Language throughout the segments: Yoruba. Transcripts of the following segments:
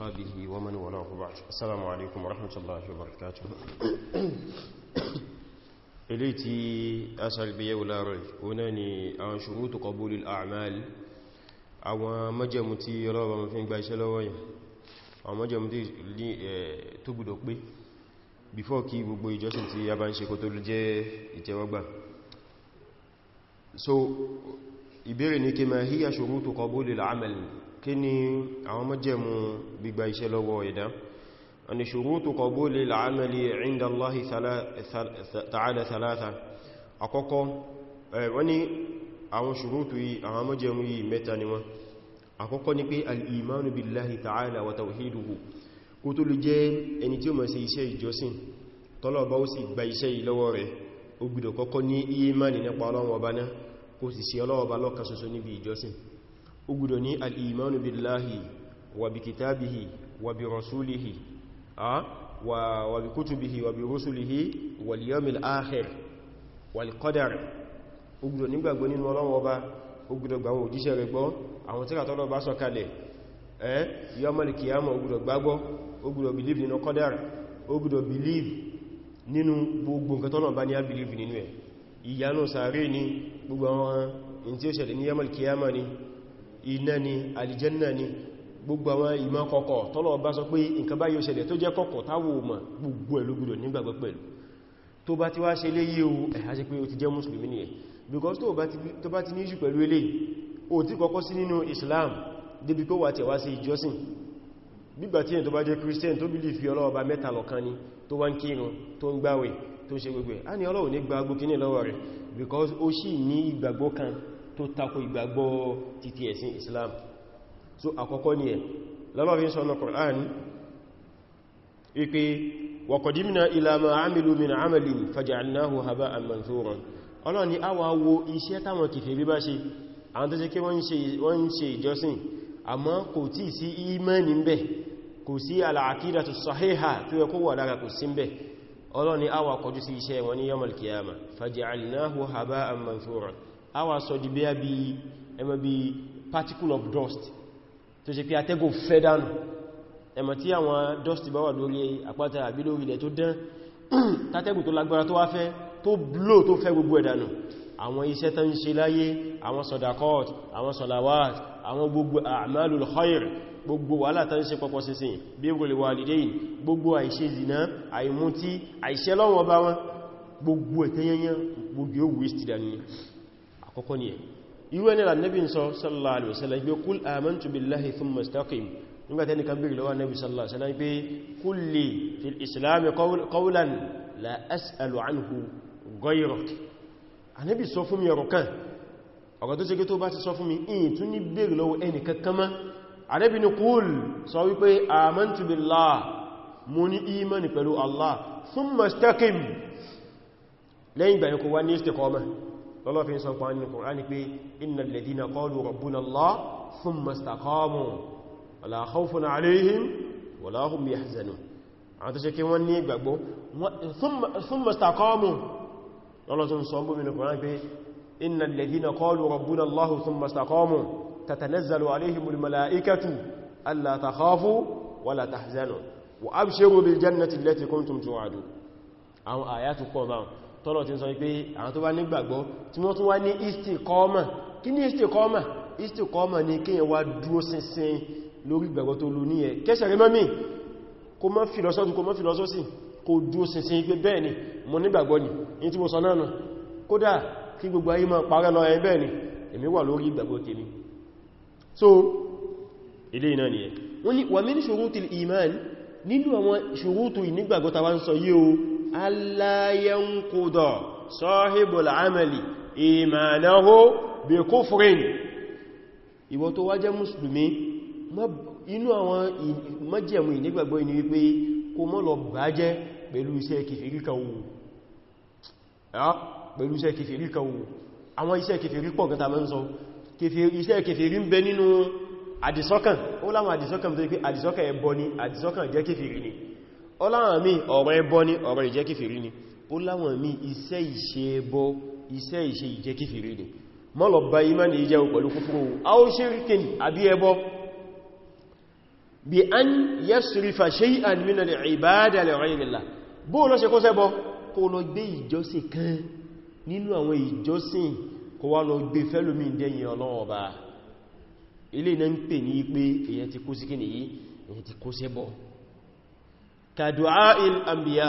وأصحابه ومن ولاه بعد السلام عليكم ورحمة الله وبركاته إليتي أسأل بي ولاري وناني عن شروط قبول الأعمال أو مجمتي رابا في فين بايش لوي أو مجمتي تبدو بي before kí gbogbo ìjọsìn tí a bá ń ṣe kò tó jẹ́ ìtẹ́wọ́gbà so ìbéèrè ní kí ma hiya shurutu qabulil amal kí ni àwọn májẹ̀mú gbígba iṣẹ́ lọ́wọ́ ẹ̀dá àni ṣurutu qabuli al-amali inda Allahi ta'ala thalatha àkọ́kọ́ eh, wọ́n ní àwọn ṣurutu yìí àwọn májẹ̀mú yìí mẹ́ta ni wọ́n àkọ́kọ́ ni pé al-imanu billahi ta'ala wa tawhiduhu kó tó lè jẹ́ ẹni tí ó máa ṣe ó gbọ́dọ̀ ní al'imanu billahi wa bi kitabihi wa bi rasulihi wa bi kutubihi wa bi rusulihi wal yawmil akhir wal qadar ó gbọ́dọ̀ nígbàgbọ́ nínú Ọlọ́run Ọba ó gbọ́dọ̀ gba àwọn gbọ́ àwọn tí Ọlọ́run bá sọ kalẹ̀ eh yawmal qiyamah ó iná ni alìjẹ́nà ni gbogbo àwọn ìmọ̀ kọ̀kọ̀ tọ́lọ̀ bá sọ pé nǹkan bá yóò ṣẹlẹ̀ tó jẹ́ kọ̀kọ̀ táwò mọ̀ gbogbo ẹ̀ lógúdọ̀ nígbàgbọ́ pẹ̀lú tó bá ti wá ṣe lé o ni ẹ̀ because tó bá ti Islam débi kó wà tẹ̀ wá sí ìjọsìn ẹ̀ tó Christian tó bílì fi ọlọ́ọba mẹ́ta lọ́kan ni tó wá ń kírun tó ń gbáwẹ̀ tó ń ṣe gbogbo ẹ̀ ní lọ́wọ́ rẹ̀ because ó sì ní ìgbàgbọ́ kan tó tako ìgbàgbọ́ títí ẹ̀sìn Islam so àkọ́kọ́ ni ẹ̀ lọ́lọ́rin sọ́nà Qur'an ipe wa qadimna ila ma amilu min amalin faja'alnahu haba'an manthura ọlọ́ ni a wá wo iṣẹ́ táwọn kèfèrí bá ṣe àwọn sí ìmánì ń bẹ kò sí al-aqidatu sahiha a wá a wà sọ di bí i ẹmọ bí particle of dust tó ṣe pé atẹ́gùn fẹ́ dánù ẹmọ tí àwọn dust bá wà lórí àpáta àbí lórí ilẹ̀ tó dán tátẹ́gùn tó lágbára tó wá fẹ́ tó blow to fẹ́ gbogbo ẹ̀dànù àwọn iṣẹ́ tó ń ṣe láyé àwọn sọ̀dàkọ́t àwọn sọ̀làwàt àwọn gbogbo a'malul khair gbogbo wala tó se ṣe pọ̀pọ̀ sínsìn bí i gbogbo walidain gbogbo àìṣe zina àìmútí àìṣẹ́ lọ́wọ́ bá wọn gbogbo ẹ̀tẹ́yẹnyẹ gbogbo yóò waste dànù àkọ́kọ́ ni ẹ̀ irú ẹni là nẹ́bí sọ sallallahu alaihi wasallam pé kúl àmọ́ntù billahi thumma istaqim nígbàtẹ́ ní kan bèèrè lọ́wọ́ nẹ́bí sallallahu alaihi wasallam pé kulli fil islami qawlan la as'alu anhu ghayrak anẹ́bí sọ fún mi ọ̀rọ̀ kan ọ̀rọ̀ tó ṣe kí tó bá ti sọ fún mi in tún ní bèèrè lọ́wọ́ ẹni lẹ́yìn ìgbà wá ní istiqama lọ́lọ́fin sọ pa nínú Kùránì pé innal ladhina qalu rabbuna Allah thumma istaqamu ala khawfun alayhim wala hum yahzanun àwọn tó ṣe kí wọ́n ní ìgbàgbọ́ thumma istaqamu lọ́lọ́tún sọ bú nínú Kùránì pé innal ladhina qalu rabbuna Allah thumma istaqamu tatanazzalu alayhimul mala'ikatu alla takhafu wala tahzanu wa abshiru bil tọ́lọ̀ ti sọ pé àwọn tó bá nígbàgbọ́ tí wọ́n tún wá ní istikọ́ọ́mà kí ní istikọ́ọ́mà istikọ́ọ́mà ni kíyàn wá dúró ṣinṣin lórí ìgbàgbọ́ tó lú níyẹ kẹsẹ̀ rí mọ́mí kó mọ́ fìlọ́sọ́tù kó mọ́ fìlọ́sọ́sì kó dúró ṣinṣin pé bẹ́ẹ̀ ni mo nígbàgbọ́ ni in ni so ilé iná nìyẹn wọ́n ni wà mí ní ṣòrútù ìmán nínú àwọn ṣòrútù alla yanquda sahibul amali imanahu bi kufrin ìwọ tó wá jẹ́ mùsùlùmí inú àwọn májẹ̀mú ìnígbàgbọ́ inú wípé kó mọ́ lọ bàájẹ́ pẹ̀lú iṣẹ́ kìfèrí kan wò pẹ̀lú iṣẹ́ kìfèrí kan wò àwọn iṣẹ́ kìfèrí pọ̀ gẹta mẹ́ ń sọ iṣẹ́ kìfèrí ń bẹ nínú àdìsọ́kàn ó láwọn àdìsọ́kàn tó yí àdìsọ́kàn ẹbọ ni àdìsọ́kàn jẹ́ kìfèrí ni ọláwọn mi ọ̀rọ̀ ẹbọ ni ọ̀rọ̀ ìjẹ́kífèrí ni ó láwọn mi iṣẹ́ ìṣe ẹbọ iṣẹ́ ìṣe ìjẹ́kífèrí ni mọ́lọ̀bá imani ìjẹ́ pẹ̀lú kúfúrú a ó ṣe ríkìn àbí ẹbọ bí an yasrifa shay'an min al-ibada li ghayri Allah bó lọ ṣe kó ṣẹbọ kó lọ gbé ìjọsìn kan nínú àwọn ìjọsìn ilé náà ń pè ní pé èyàn ti kó sí kí nìyí èyàn ti kó ṣẹbọ kàdùá il-ambiya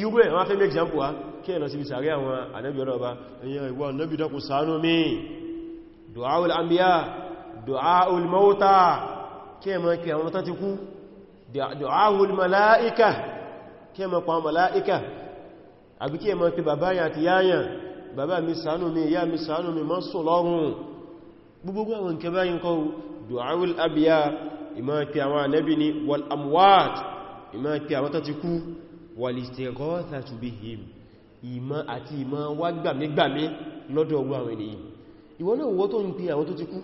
irú ẹ̀ wọ́n fẹ́ mẹ́ example wá kí ẹ̀nà sí ìsàrí àwọn ànábì ọlọ́ọ̀bá ẹ̀yẹn ìwọ̀ ànábì dákun ṣàánú mi dùá ul-ambiya dùá ul-mauta kí ẹ máa kí àwọn tán ti kú dùá ul-mala'ika kí ẹ máa pa mala'ika àbí kí ẹ máa pè bàbá yà àti yáyà bàbá mi ṣàánú mi ìyá mi ṣàánú mi mọ́ sùn lọ́rùn gbogbo àwọn nǹkan kọ́ dùá ul-abiya ìmọ̀ pè àwọn ànábì ni wal-amwat ìmá pé àwọn tó ti kú wal-istighathatu bihim ìmá àti ìmá wá gbàmígbàmí lọ́dọ̀ ọgbọ́ àwọn ènìyàn ìwọ náà wọ́n tó ń pè àwọn tó ti kú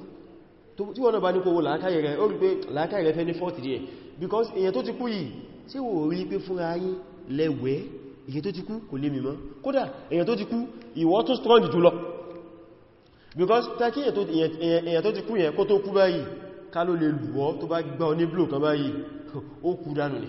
tí wọ́n náà bá ní kó wo làákàyè rẹ̀ ó rí pé làákàyè rẹ̀ fẹ́ ní fọ́ọ̀tì díẹ̀ because èyàn tó ti kú yìí tí wò rí pé fúnra yín lẹ́wẹ́ èyàn tó ti kú kò lè mímọ́ kódà èyàn tó ti kú ìwọ tó strong jùlọ because takí èyàn tó ti kú yẹn kó tó kú báyìí ká ló lè lùwọ́ tó bá gbá oníblò kan báyìí ó kú dánù ni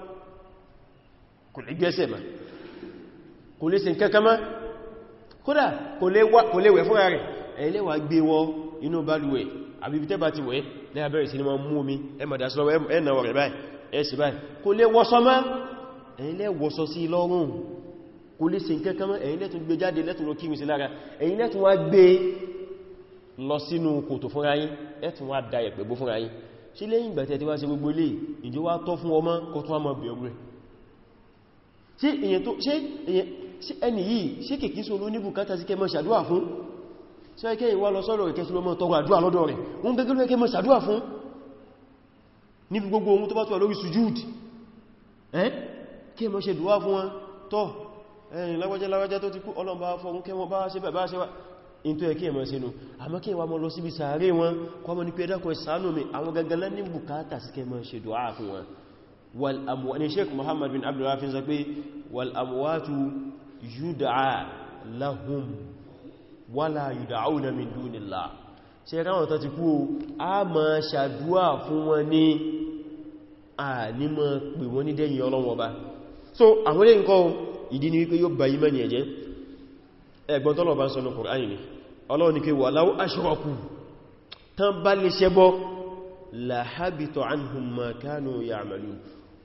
kò lè gbẹ́sẹ̀ ma kò lè sin kankan ma kódà kò lè wẹ̀ fúnra rẹ̀ ẹ̀lẹ́wà gbé wọ inú balùwẹ̀ àbíbítẹ́ bá ti wẹ̀ lẹ́yà bẹ̀rẹ̀ sí ni ma mú omi ẹmọ̀dá sílọ́wọ́ ẹ̀nàwọ̀ rẹ̀ báyìí ẹ̀sì báyìí kò lè wọ́sọ ma ẹ̀lẹ́ wọ́sọ sí lọ́rùn kò lè sin kankan ma ẹ̀yin lẹ́tún gbé jáde lẹ́tún lọ kíwì sí lára ẹ̀yin lẹ́tún wá gbé lọ sínú kòtò fúnra yín lẹ́tún wá da ẹ̀pẹ̀ bó fúnra yín mọ́ bẹ̀rù ṣe èyàn tó ṣe ẹni yìí ṣe kìkí sọ lóníbù kátà sí kẹmọ̀ ṣàdúwà fún ṣe ẹkẹ́ ìwà lọ sọ́rọ̀ ìkẹ́ sílọ́mọ̀ tọrọ àdúwà lọ́dọ̀ rẹ̀ oun gẹ́gẹ́ ló ẹkẹ́mọ̀ ṣàdúwà fún níbi gbogbo ohun tó bá tó lórí sujúd ẹ́ kẹmọ̀ ṣe dùwà fún wọn tọ́ ẹ̀yìn lágbàjá lágbàjá tó ti kú ọlọ́mbà fọ́n kẹmọ̀ bá ṣe bẹ̀bá ṣe wà in tó ẹ̀kẹ́ ẹ̀mọ̀ sínú àmọ́ kí mọ́ lọ síbi sàárè wọn kọmọ̀ ní pé ẹ̀dàkọ̀ ìsànú àwọn gẹ́gẹ́lẹ́ ní bùkátà sí kẹmọ̀ والأمو... ni sheik muhammad bin abdul wahab sọ pé wal amwatu yud'a lahum wala yud'auna min dunillah ṣe ráwọn tó ti kú a ma ṣàdúwà fún wọn ní a ní ma pè wọn ní dẹ́yìn ọlọ́wọ́ bá so àwọn ilé nǹkan ìdí ni wípé yóò bayi mẹ́ni ẹ̀jẹ́ ẹgbọ́n tọ́lọ̀ bá ń sọ́nà kùránì ni ọlọ́run ni pé walau ashraku tán bá lè ṣẹbọ la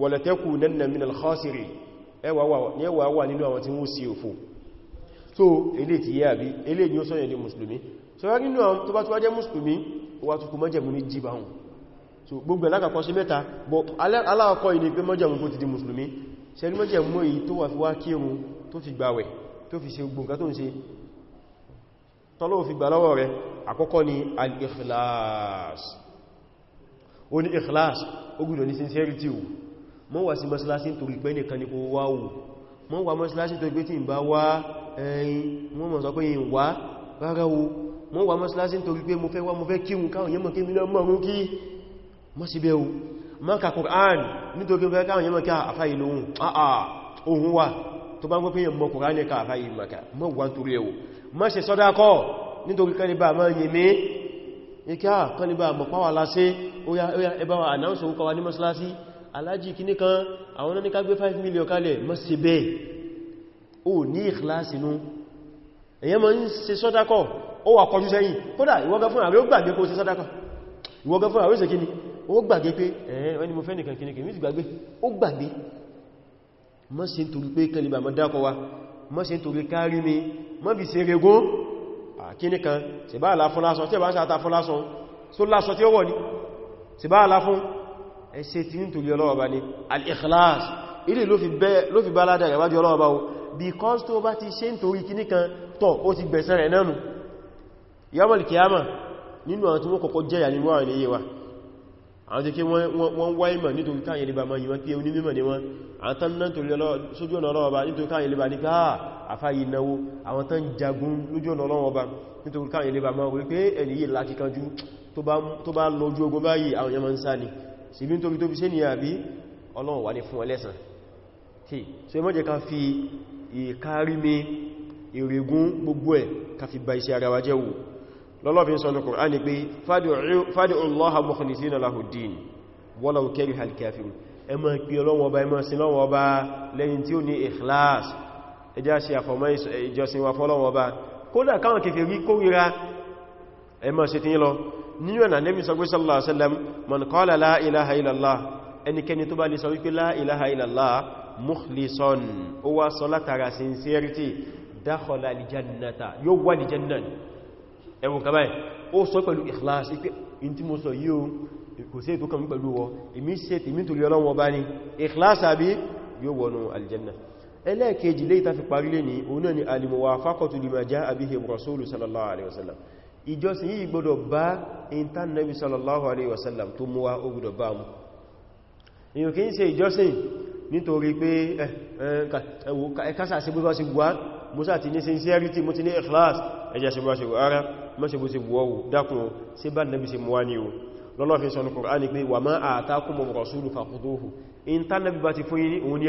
wala takunanna minal khasirin ẹwà wà nínú àwọn tí wọ́n sí òfò so ilé ti yẹ́ àbí ilé ni ó sọ́yẹ̀ ní musulmi so wá nínú àwọn tó bá tó wá jẹ́ musulmi wà tó mọ́jẹ̀mú ní jíbáhùn so gbogbo alákàkọ́ sí mẹ́ta bọ̀ alákọ́ ilé pé mọ́jẹ̀mú kó ti di musulmi ṣe rí mọ́jẹ̀mú èyí tó wà fi wá kírun tó fi gbàwẹ̀ tó fi ṣe ni al-ikhlas mọ́ wá sí mọ́sálásí torí pé nìkan ní kó wá wò mọ́ wá mọ́sálásí torí pé tí ń bá wá ẹ̀yìn wọ́n mọ̀ sọ pé yìn wá rárá o mọ́ wá mọ́sálásí torí pé mo fẹ́ wá mo fẹ́ kírun káwọn yẹmọ̀ kí mílọ́ mọ̀rún kí mọ́ sí bẹ́ o mọ́ ka Qur'an nítorí pé káwọn yẹmọ̀ kí àfá yìí àkọ́ ní bá mọ̀ ó yá ẹbá wa announce òun kọwa ní mọ́sálásí alájì kìíní kan àwọn náà ní ká gbé 5 million kalẹ̀ mọ́ sí bẹ́ẹ̀ ó ní ìkìláàsì nú èyàn mọ́ ń ṣe sọ́dákọ̀ ó wà kọjú sẹ́yìn kódà ìwọ́gá fún ààrẹ ó gbàgbé kó ṣe sọ́dákọ̀ ìwọ́gá fún ààrẹ ó ṣe kíní ó gbàgbé pé ẹ̀ẹ́ ẹni mo fẹ́ nìkan kíní kìí gbàgbé ó gbàgbé mọ́ sí nítorí pé kẹlìbà mọ́ dákọ̀ wa mọ́ sí nítorí kárí mi mọ́ bí ṣe regún àkíní kan ṣe bá àlá fún lásán tí ẹ̀ bá ń ṣe àta fún lásán tó lásán tí ó wọ̀ ní ṣe bá àlá fún ẹsẹ́ tí nítorí ọlọ́wọ́ bá ní al-ikhlas ilé ló fi bá ládà rẹ̀ wájú ọlọ́wọ́ bá o because tó bá ti ṣe nítorí kí níkan tọ́ ó ti gbẹ̀sẹ̀ rẹ̀ nánu yawmal kiyama nínú àwọn tí wọ́n kọ́kọ́ jẹ́yà nínú àwọn ilé wa àwọn tí kí wọ́n wá ìmọ̀ nítorí káyẹ̀ lè bá mọ́ ìwọ́n pé oní mímọ̀ ni wọ́n àwọn tán náà torí sójú ọ̀nà ọlọ́wọ́ bá nítorí káyẹ̀ lè bá ní káà àfáyì náwó àwọn tán jagun lójú ọ̀nà ọlọ́wọ́ bá nítorí káyẹ̀ lè bá mọ́ wípé ẹni yìí lákíkanjú tó bá lọ ojú ogun báyìí àwọn yẹmọ́ ni sí bí n tóbi tóbi sí ní àbí ọlọ́run wà ní fún ọlẹ́sàn tí so ẹ mọ́jẹ ká fi ìkárí mi ìrìgún gbogbo ẹ̀ ká fi ba iṣẹ́ ara wa jẹ́ wò lọ́lọ́fin sọ ní Kùránì pé fad'u Allaha mukhlisina lahu ddin walau kariha al-kafirun ẹ máa pe ọlọ́run ọba ẹ máa sin ọlọ́run ọba lẹ́yìn tí ó nínú ọ̀nà Ànábì sọ pé sallallahu alaihi wasallam man qala la ilaha illallah ẹnikẹni tó bá lè sọ wípé la ilaha illallah mukhlisan ó wá sọ látara sincerity dakhala aljannata yóò wà ní ẹwùn kàbáyì ó sọ pẹ̀lú ikhlas ẹlẹ́ẹ̀kejì lè tàfi parílẹ̀ ní òun náà ni al-muwafaqatu lima ja'a bihi rasulu sallallahu alaihi wasallam ìjọsìn yìí gbọdọ̀ bá intan nabi sallallahu alaihi wasallam tó mú wá ó gbọdọ̀ bá mú èyàn kìí ṣe ìjọsìn nítorí pé ẹkásà eh, eh, eh, sí bó ṣe wá musa ti ní sincerity mo ti ní ikhlas ẹjẹ́ ṣe bó ṣe wá ara mọ́ṣe bó ṣe wọ́wọ́ dákùn sí bá nabi ṣe mú wá ní o lọ́lọ́fin sọ nabi bá ti fún yín òun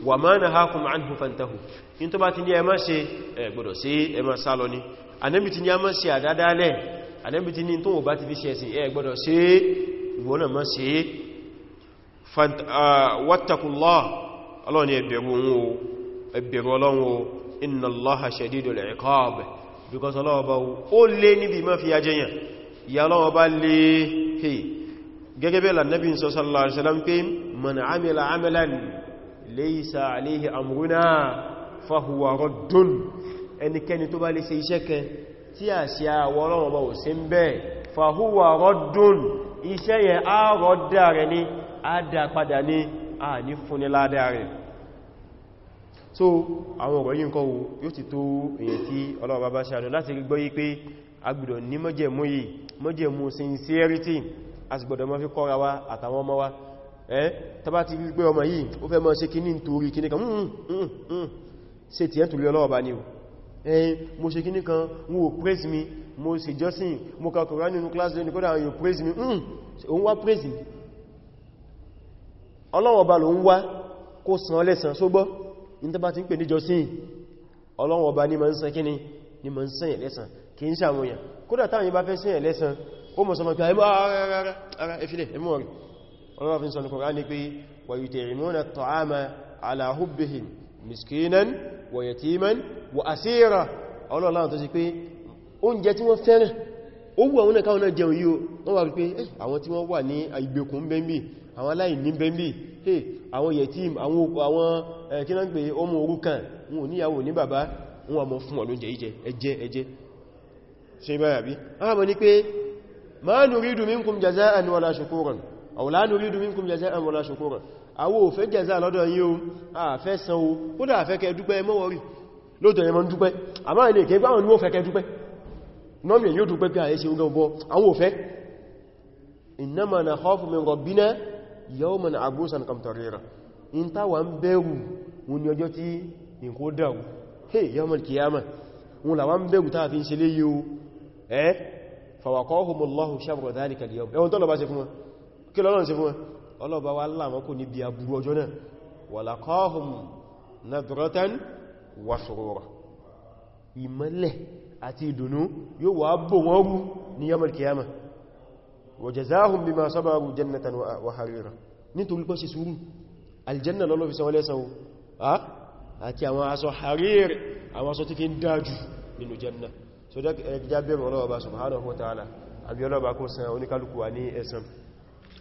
ni fantahu in tó bá ti ní ẹ má ṣe ẹ anẹ́bì ti ní a mọ́ sí àdádálẹ̀ anẹ́bì ti ní tó wọ́n bá ti fi ṣe ẹ̀sìn ẹ gbọ́dọ̀ ṣe ìwọ̀nà mọ́ sí wattaqullah ọlọ́ni ẹbẹ̀rù ọlọ́run o inna Allaha shadidul iqab because ọlọ́wọ́ bá ó lé níbi mọ́ fi ajẹ́yàn ìyà ọlọ́wọ́ bá lé he gẹ́gẹ́ bẹ́ẹ̀ lànàbí sallallahu alaihi wasallam pé man amila amalan laysa ẹnikẹ́ni tó bá lè ṣe iṣẹ́ kẹ tí àṣẹ àwọ ọlọ́run bá ò sí ń bẹ́ fàhúwà rọ́dùn iṣẹ́ yẹn á rọ́dà rẹ̀ ní àdàpadà ní àní fúnni ládà rẹ̀ so àwọn ọ̀rọ̀ yìí kọwọ́ yóò ti tó èyàn tí ọlọ́run bá bá ṣàdùn láti rí gbọ́ yí pé sincerity a sì gbọ́dọ̀ mọ́ fi kọ́ra wa àtàwọn ọmọ wa ẹ́ tàbá ti rí pé ọmọ yìí ó fẹ́ hmm, hmm, hmm, o ẹ̀yìn mo ṣe kíní kan wọn ò praise mi mo ṣe jọ́sìn mo ka Kùránì nínú class lónìí kódà àwọn yóò praise mi ń hmm, òun wá praise Ọlọ́run ọba ló ń wá kó san lẹ́san só gbọ́ ní tó bá ti ń pè ní jọ́sìn ọba ní san ara miskinan wa yatiman wa asira ọlọ́láwọn tó sì pé oúnjẹ tí wọ́n fẹ́ràn ó wù àwọn ẹ̀káwọn náà jẹun yíò wọ́n wà wípé eh, àwọn tí wọ́n wà ní ìgbèkùn bẹ́m̀bì àwọn aláìní bẹ́m̀bì eh, àwọn yetim àwọn kínàgbé ọmọ òrukàn wọn ò níyàwó ní bàbá wọn mọ̀ fún ọlọ́njẹ ìjẹ ẹjẹ ẹjẹ ṣe báyà bí àwọn ni pé ma nuridu minkum jaza'an wala shukuran aw la nuridu minkum jaza'an wala shukuran àwọ òfẹ́ jẹ́zà lọ́dọ̀ yí o àfẹ́ san o ó dà fẹ́ kẹ dúpẹ́ mọ́wọ́rí lóòtọ̀ ẹmọ́ dúpẹ́ àmá ilé ìkẹ́ gbáwọn ní ó fẹ́ kẹ dúpẹ́ nọ́mì èyí ó dúpẹ́ pé àyẹ́ṣe oúnjẹ ọbọ̀ àwọn òfẹ́ innama nakhafu min rabbina yawman abusan kamtarira in ta wà ń bẹ̀rù wọn ni ọjọ́ tí nǹkan ó dàrú hey yawman kiyama wọn là wà ń kí lọ́lọ́run ṣe fún wọn ọlọ́ọ̀bá wa láàmọ́ kò níbi aburú ọjọ́ náà walaqahum nadratan wa surura ìmọ́lẹ̀ àti ìdùnnú yóò wà bò wọ́n rú ní yamal kiyama wa jazahum bima sabaru jannatan wa harira nítorí pọ́ sí sùúrù aljanna kó san oníkálukú wa ní ẹ̀san